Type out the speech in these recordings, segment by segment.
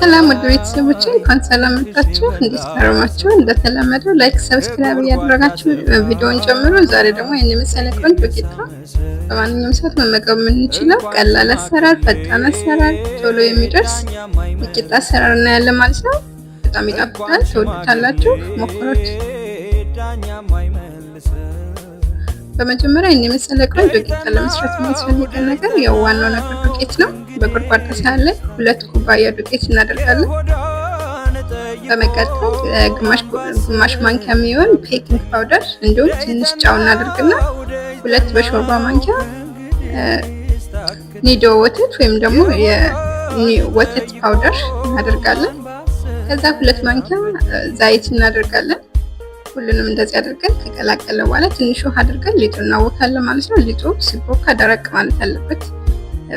ሰላም ወደ ቤተሰቦች እንኳን ሰላም መጣችሁ። እንዴት ከረማችሁ? እንደተለመደው ላይክ፣ ሰብስክራይብ እያደረጋችሁ ቪዲዮውን ጨምሮ ዛሬ ደግሞ ይህን የመሰለ ቆንጆ ቂጣ በማንኛውም ሰዓት መመገብ የምንችለው ቀላል አሰራር፣ ፈጣን አሰራር፣ ቶሎ የሚደርስ የቂጣ አሰራር እናያለን ማለት ነው። በጣም ይጣፍጣል፣ ተወዱታላችሁ። ሞክሮች በመጀመሪያ ይህን የመሰለ ቆንጆ ቂጣ ለመስራት የሚያስፈልገን ነገር ያው ዋናው ነገር ዱቄት ነው። በጎድጓዳ ሳህን ላይ ሁለት ኩባያ ዱቄት እናደርጋለን። በመቀጠል ግማሽ ማንኪያ የሚሆን ፔኪንግ ፓውደር እንዲሁም ትንሽ ጫው እናደርግና ሁለት በሾርባ ማንኪያ ኒዶ ወተት ወይም ደግሞ ወተት ፓውደር እናደርጋለን። ከዛ ሁለት ማንኪያ ዛይት እናደርጋለን። ሁሉንም እንደዚህ አድርገን ከቀላቀለ በኋላ ትንሽ ውሃ አድርገን ሊጡ እናወካለን ማለት ነው። ሊጡ ሲቦካ ደረቅ ማለት አለበት።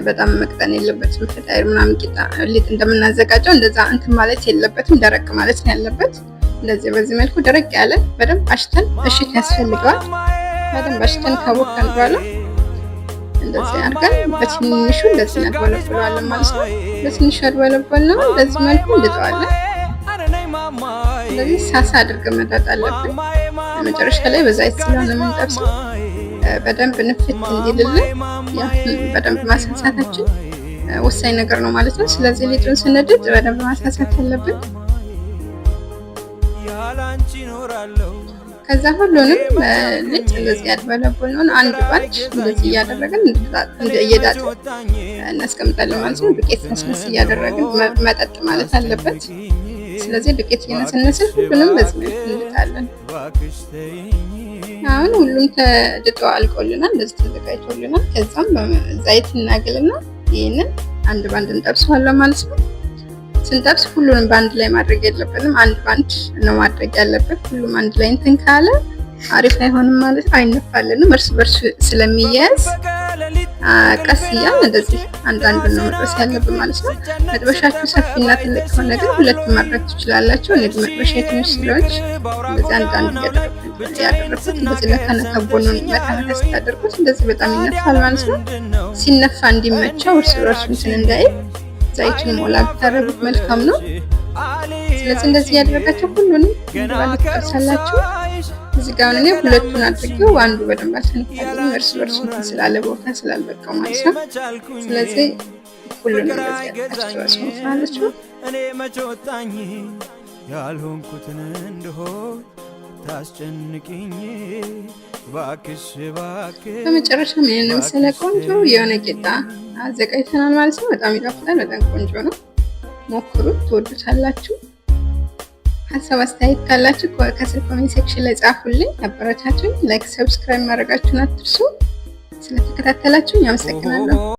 በጣም መቅጠን የለበትም። ፍጣይር ምናምን ቂጣ ሊጥ እንደምናዘጋጀው እንደዛ እንትን ማለት የለበትም። ደረቅ ማለት ነው ያለበት። እንደዚህ በዚህ መልኩ ደረቅ ያለ በደንብ አሽተን እሽት ያስፈልገዋል። በደንብ አሽተን ካቦካን በኋላ እንደዚህ አድርገን በትንሹ እንደዚህ እናድበለብለዋለን ማለት ነው። በትንሹ አድበለበል ነው። እንደዚህ መልኩ እንድጠዋለን። እንደዚህ ሳሳ አድርገን መጣጥ አለብን። መጨረሻ ላይ በዛ ስለሆነ የምንጠብሰው በደንብ ንፍት እንዲልልን በደንብ ማሳሳታችን ወሳኝ ነገር ነው ማለት ነው። ስለዚህ ሊጡን ስንድድ በደንብ ማሳሳት አለብን። ከዛ ሁሉንም ልጭ እንደዚህ ያድበለቡልን አንድ ባች እንደዚህ እያደረግን እየዳጥ እናስቀምጣለን ማለት ነው። ዱቄት መስመስ እያደረግን መጠጥ ማለት አለበት። ስለዚህ ዱቄት እየነሰነስን ሁሉንም በዚህ መልኩ እንልጣለን። አሁን ሁሉም ተድጦ አልቆልናል፣ እንደዚህ ተዘጋጅቶልናል። ከዛም ዘይት እናግልና ይህንን አንድ ባንድ እንጠብሰዋለን ማለት ነው። ስንጠብስ ሁሉንም በአንድ ላይ ማድረግ የለብንም፣ አንድ ባንድ ነው ማድረግ ያለበት። ሁሉም አንድ ላይ እንትን ካለ አሪፍ አይሆንም ማለት አይነፋልንም፣ እርስ በርስ ስለሚያያዝ ቀስ እያል እንደዚህ አንዳንዱ ነው መጥበስ ያለብን ማለት ነው። መጥበሻችሁ ሰፊና ትልቅ ከሆነ ግን ሁለት ማድረግ ትችላላችሁ። እኔ መጥበሻ የትንሽ ስለሆነች እንደዚህ አንዳንዱ ያደረግኩት እንደዚህ ለከነካ ጎኑን መታመታ ስታደርጉት እንደዚህ በጣም ይነፋል ማለት ነው። ሲነፋ እንዲመቸው እርስ በርሱ እንትን እንዳይ ዘይቱን ሞላ ብታደረጉት መልካም ነው። ስለዚህ እንደዚህ ያደረጋቸው ሁሉንም ባለ ትጨርሳላችሁ። እዚህ ጋር እኔ ሁለቱን አድርጌው አንዱ በደንብ አልተነካልም፣ እርስ በርሱ ስላለ ቦታ ስላልበቃው ማለት ነው። ስለዚህ ሁሉንም በዚህ ያልሆንኩትን እንደሆን ታስጨንቅኝ ባክሽ ባክሽ። በመጨረሻም ይህን መሰለ ቆንጆ የሆነ ቂጣ አዘጋጅተናል ማለት ነው። በጣም ይጣፍጣል። በጣም ቆንጆ ነው። ሞክሩት፣ ትወዱታላችሁ። ሀሳብ አስተያየት ካላችሁ ከስር ኮሜንት ሴክሽን ላይ ጻፉልኝ። አበረታችሁኝ። ላይክ፣ ሰብስክራይብ ማድረጋችሁን አትርሱ። ስለተከታተላችሁኝ አመሰግናለሁ።